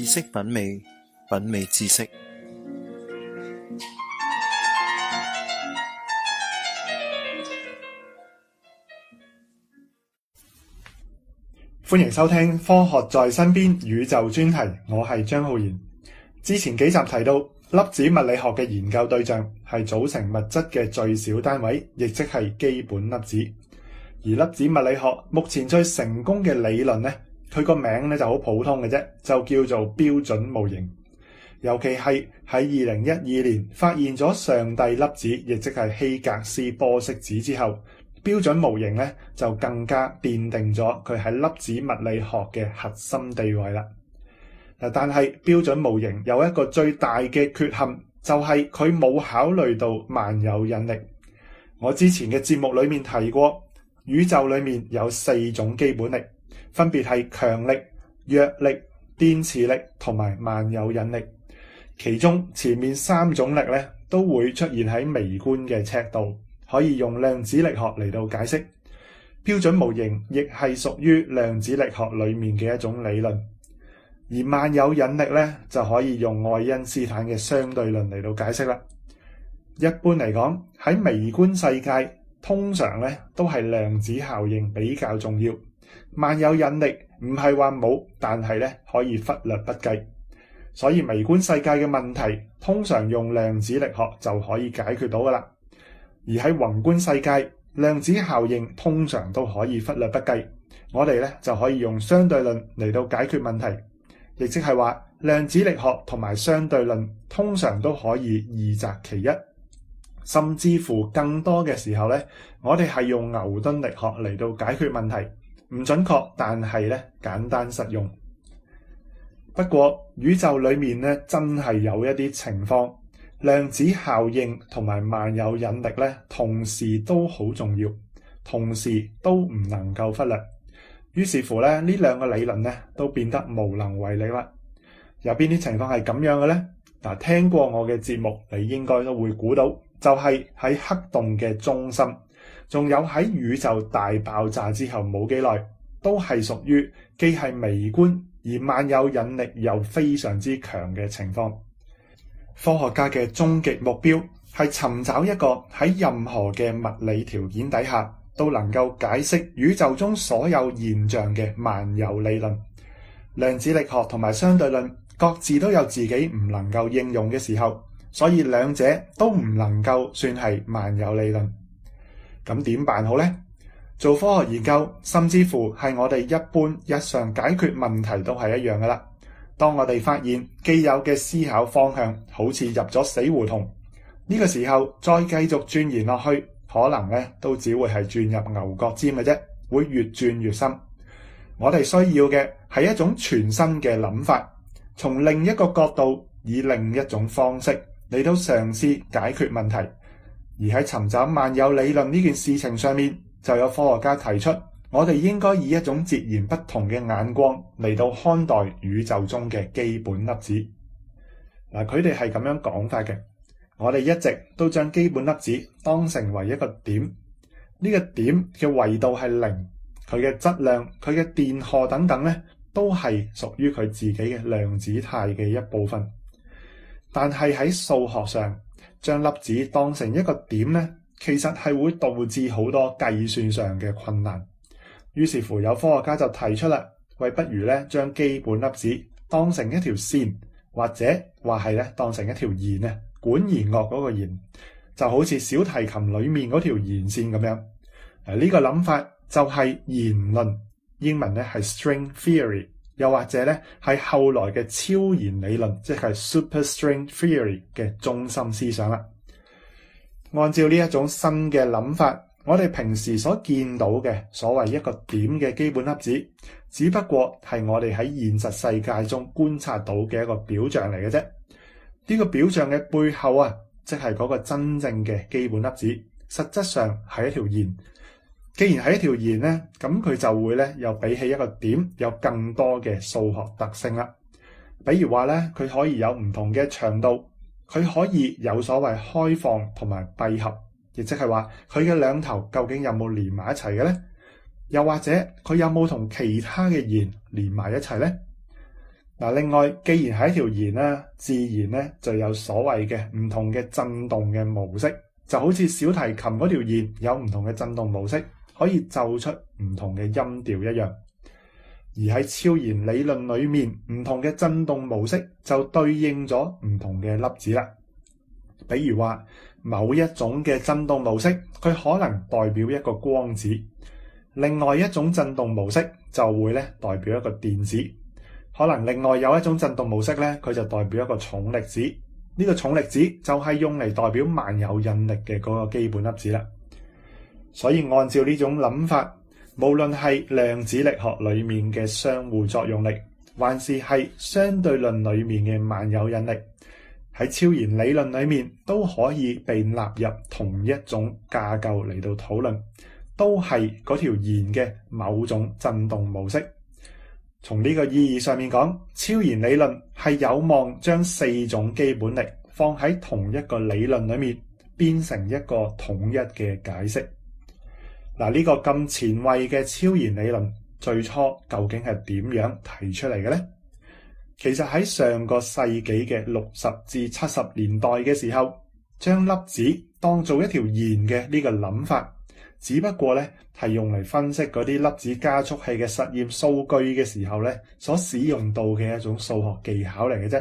知識品味，品味知識。歡迎收聽《科學在身邊·宇宙》專題，我係張浩然。之前幾集提到，粒子物理學嘅研究對象係組成物質嘅最小單位，亦即係基本粒子。而粒子物理學目前最成功嘅理論呢？佢個名咧就好普通嘅啫，就叫做標準模型。尤其係喺二零一二年發現咗上帝粒子，亦即係希格斯玻色子之後，標準模型咧就更加奠定咗佢喺粒子物理學嘅核心地位啦。但係標準模型有一個最大嘅缺陷，就係佢冇考慮到萬有引力。我之前嘅節目裡面提過，宇宙裏面有四種基本力。分別係強力、弱力、電磁力同埋萬有引力。其中前面三種力咧都會出現喺微觀嘅尺度，可以用量子力學嚟到解釋。標準模型亦係屬於量子力學裡面嘅一種理論。而萬有引力咧就可以用愛因斯坦嘅相對論嚟到解釋啦。一般嚟講，喺微觀世界。通常咧都係量子效應比較重要，萬有引力唔係話冇，但係咧可以忽略不計，所以微觀世界嘅問題通常用量子力學就可以解決到噶啦。而喺宏觀世界，量子效應通常都可以忽略不計，我哋咧就可以用相對論嚟到解決問題，亦即係話量子力學同埋相對論通常都可以二擇其一。甚至乎更多嘅時候咧，我哋係用牛頓力學嚟到解決問題，唔準確，但係咧簡單實用。不過宇宙裡面咧真係有一啲情況，量子效應同埋萬有引力咧，同時都好重要，同時都唔能夠忽略。於是乎咧呢兩個理論咧都變得無能為力啦。有邊啲情況係咁樣嘅咧？嗱，聽過我嘅節目，你應該都會估到。就係喺黑洞嘅中心，仲有喺宇宙大爆炸之後冇幾耐，都係屬於既係微觀而萬有引力又非常之強嘅情況。科學家嘅終極目標係尋找一個喺任何嘅物理條件底下都能夠解釋宇宙中所有現象嘅萬有理論。量子力學同埋相對論各自都有自己唔能夠應用嘅時候。所以兩者都唔能夠算係萬有理論。咁點辦好呢？做科學研究，甚至乎係我哋一般日常解決問題都係一樣㗎喇。當我哋發現既有嘅思考方向好似入咗死胡同，呢個時候再繼續鑽研落去，可能咧都只會係轉入牛角尖嘅啫，會越轉越深。我哋需要嘅係一種全新嘅諗法，從另一個角度，以另一種方式。嚟到嘗試解決問題，而喺尋找萬有理論呢件事情上面，就有科學家提出，我哋應該以一種截然不同嘅眼光嚟到看待宇宙中嘅基本粒子。嗱，佢哋係咁樣講法嘅。我哋一直都將基本粒子當成為一個點，呢個點嘅維度係零，佢嘅質量、佢嘅電荷等等咧，都係屬於佢自己嘅量子態嘅一部分。但係喺數學上，將粒子當成一個點咧，其實係會導致好多計算上嘅困難。於是乎，有科學家就提出啦，為不如咧將基本粒子當成一條線，或者話係咧當成一條弦啊，管弦樂嗰個弦，就好似小提琴裏面嗰條弦線咁樣。誒、這、呢個諗法就係弦論，英文咧係 string theory。又或者咧，係後來嘅超弦理論，即、就、係、是、superstring theory 嘅中心思想啦。按照呢一種新嘅諗法，我哋平時所見到嘅所謂一個點嘅基本粒子，只不過係我哋喺現實世界中觀察到嘅一個表象嚟嘅啫。呢、這個表象嘅背後啊，即係嗰個真正嘅基本粒子，實質上係一條弦。既然係一條弦咧，咁佢就會咧又比起一個點有更多嘅數學特性啦。比如話咧，佢可以有唔同嘅長度，佢可以有所謂開放同埋閉合，亦即係話佢嘅兩頭究竟有冇連埋一齊嘅咧？又或者佢有冇同其他嘅弦連埋一齊咧？嗱，另外，既然係一條弦咧，自然咧就有所謂嘅唔同嘅震動嘅模式，就好似小提琴嗰條弦有唔同嘅震動模式，可以奏出唔同嘅音調一樣，而喺超弦理論裏面，唔同嘅震動模式就對應咗唔同嘅粒子啦。比如話，某一種嘅震動模式，佢可能代表一個光子；另外一種震動模式就會咧代表一個電子。可能另外有一種震動模式咧，佢就代表一個重力子。呢個重力子就係用嚟代表萬有引力嘅嗰個基本粒子啦。所以，按照呢種諗法，無論係量子力學裡面嘅相互作用力，還是係相對論裡面嘅萬有引力，喺超弦理論裡面都可以被納入同一種架構嚟到討論，都係嗰條弦嘅某種震動模式。從呢個意義上面講，超弦理論係有望將四種基本力放喺同一個理論裡面，變成一個統一嘅解釋。嗱，呢個咁前衞嘅超弦理論最初究竟係點樣提出嚟嘅呢？其實喺上個世紀嘅六十至七十年代嘅時候，將粒子當做一條弦嘅呢個諗法，只不過呢係用嚟分析嗰啲粒子加速器嘅實驗數據嘅時候呢所使用到嘅一種數學技巧嚟嘅啫。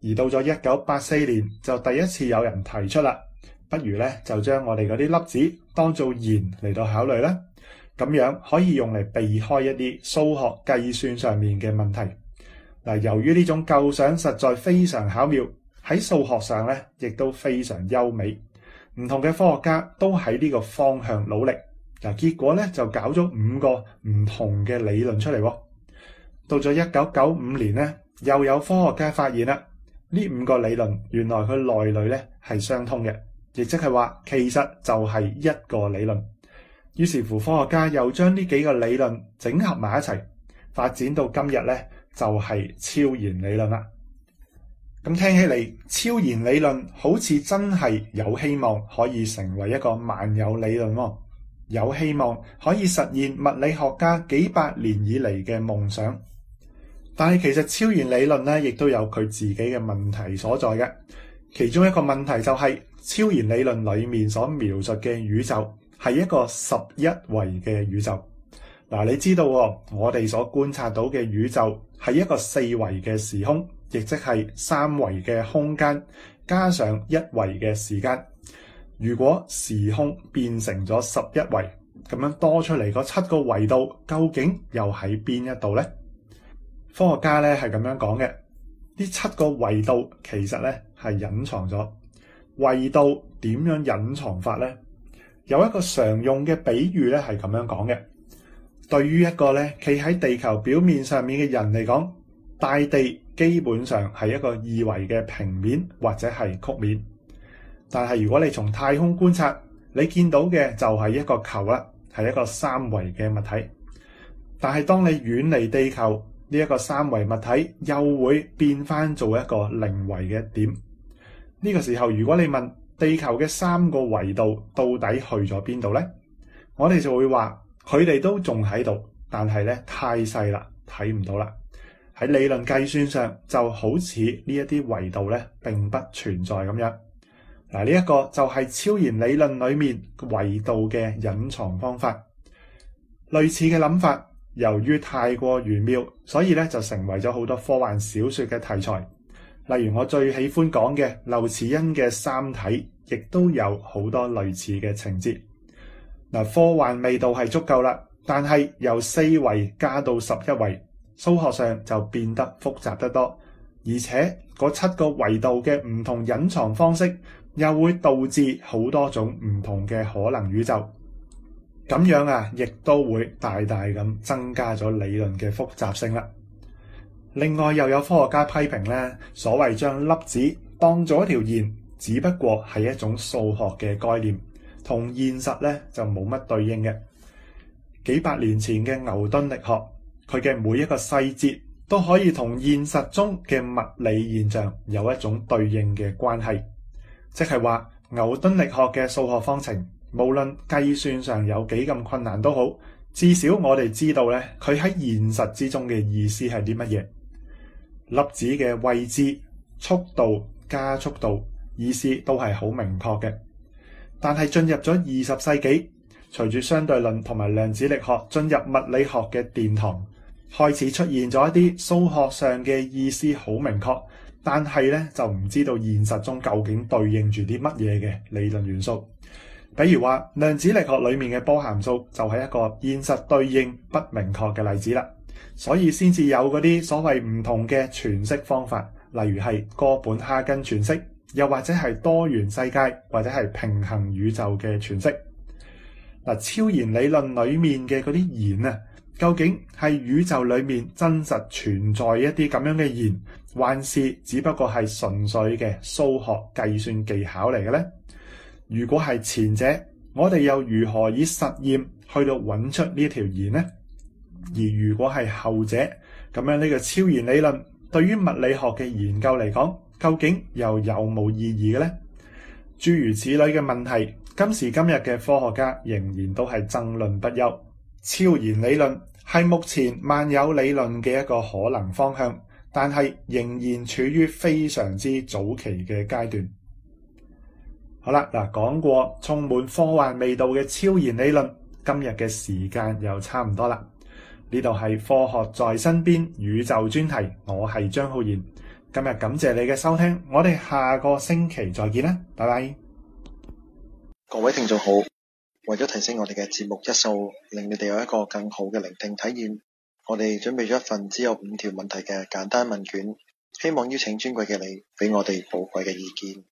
而到咗一九八四年，就第一次有人提出啦。不如咧，就將我哋嗰啲粒子當做弦嚟到考慮啦。咁樣可以用嚟避開一啲數學計算上面嘅問題嗱。由於呢種構想實在非常巧妙，喺數學上咧亦都非常優美。唔同嘅科學家都喺呢個方向努力嗱，結果咧就搞咗五個唔同嘅理論出嚟。到咗一九九五年咧，又有科學家發現啦，呢五個理論原來佢內裏咧係相通嘅。亦即係話，其實就係一個理論。於是乎，科學家又將呢幾個理論整合埋一齊，發展到今日呢，就係、是、超弦理論啦。咁聽起嚟，超弦理論好似真係有希望可以成為一個萬有理論咯、哦，有希望可以實現物理學家幾百年以嚟嘅夢想。但係其實超弦理論咧，亦都有佢自己嘅問題所在嘅。其中一個問題就係、是、超弦理論裏面所描述嘅宇宙係一個十一維嘅宇宙。嗱，你知道我哋所觀察到嘅宇宙係一個四維嘅時空，亦即係三維嘅空間加上一維嘅時間。如果時空變成咗十一維，咁樣多出嚟嗰七個維度究竟又喺邊一度呢？科學家咧係咁樣講嘅，呢七個維度其實咧。係隱藏咗，為到點樣隱藏法呢？有一個常用嘅比喻咧，係咁樣講嘅。對於一個咧企喺地球表面上面嘅人嚟講，大地基本上係一個二維嘅平面或者係曲面。但係如果你從太空觀察，你見到嘅就係一個球啦，係一個三維嘅物體。但係當你遠離地球呢一個三維物體，又會變翻做一個零維嘅點。呢個時候，如果你問地球嘅三個維度到底去咗邊度呢？我哋就會話佢哋都仲喺度，但係咧太細啦，睇唔到啦。喺理論計算上就好似呢一啲維度咧並不存在咁樣。嗱，呢一個就係超弦理論裏面維度嘅隱藏方法。類似嘅諗法，由於太過玄妙，所以咧就成為咗好多科幻小說嘅題材。例如我最喜歡講嘅劉慈欣嘅《三體》，亦都有好多類似嘅情節。嗱，科幻味道係足夠啦，但係由四維加到十一維，數學上就變得複雜得多，而且嗰七個維度嘅唔同隱藏方式，又會導致好多種唔同嘅可能宇宙。咁樣啊，亦都會大大咁增加咗理論嘅複雜性啦。另外又有科學家批評咧，所謂將粒子當做一條弦，只不過係一種數學嘅概念，同現實咧就冇乜對應嘅。幾百年前嘅牛頓力學，佢嘅每一個細節都可以同現實中嘅物理現象有一種對應嘅關係，即係話牛頓力學嘅數學方程，無論計算上有幾咁困難都好，至少我哋知道咧，佢喺現實之中嘅意思係啲乜嘢。粒子嘅位置、速度、加速度意思都係好明確嘅，但係進入咗二十世紀，隨住相對論同埋量子力學進入物理學嘅殿堂，開始出現咗一啲數學上嘅意思好明確，但係咧就唔知道現實中究竟對應住啲乜嘢嘅理論元素。比如話量子力學裏面嘅波函數就係一個現實對應不明確嘅例子啦。所以先至有嗰啲所謂唔同嘅詮釋方法，例如係哥本哈根詮釋，又或者係多元世界或者係平衡宇宙嘅詮釋。嗱，超弦理論裏面嘅嗰啲弦啊，究竟係宇宙裏面真實存在一啲咁樣嘅弦，還是只不過係純粹嘅數學計算技巧嚟嘅咧？如果係前者，我哋又如何以實驗去到揾出呢條弦呢？而如果係後者咁樣，呢個超弦理論對於物理學嘅研究嚟講，究竟又有冇意義嘅呢？諸如此類嘅問題，今時今日嘅科學家仍然都係爭論不休。超弦理論係目前萬有理論嘅一個可能方向，但係仍然處於非常之早期嘅階段。好啦，嗱，講過充滿科幻味道嘅超弦理論，今日嘅時間又差唔多啦。呢度係科學在身邊宇宙專題，我係張浩然。今日感謝你嘅收聽，我哋下個星期再見啦，拜拜！各位聽眾好，為咗提升我哋嘅節目質素，令你哋有一個更好嘅聆聽體驗，我哋準備咗一份只有五條問題嘅簡單問卷，希望邀請尊貴嘅你俾我哋寶貴嘅意見。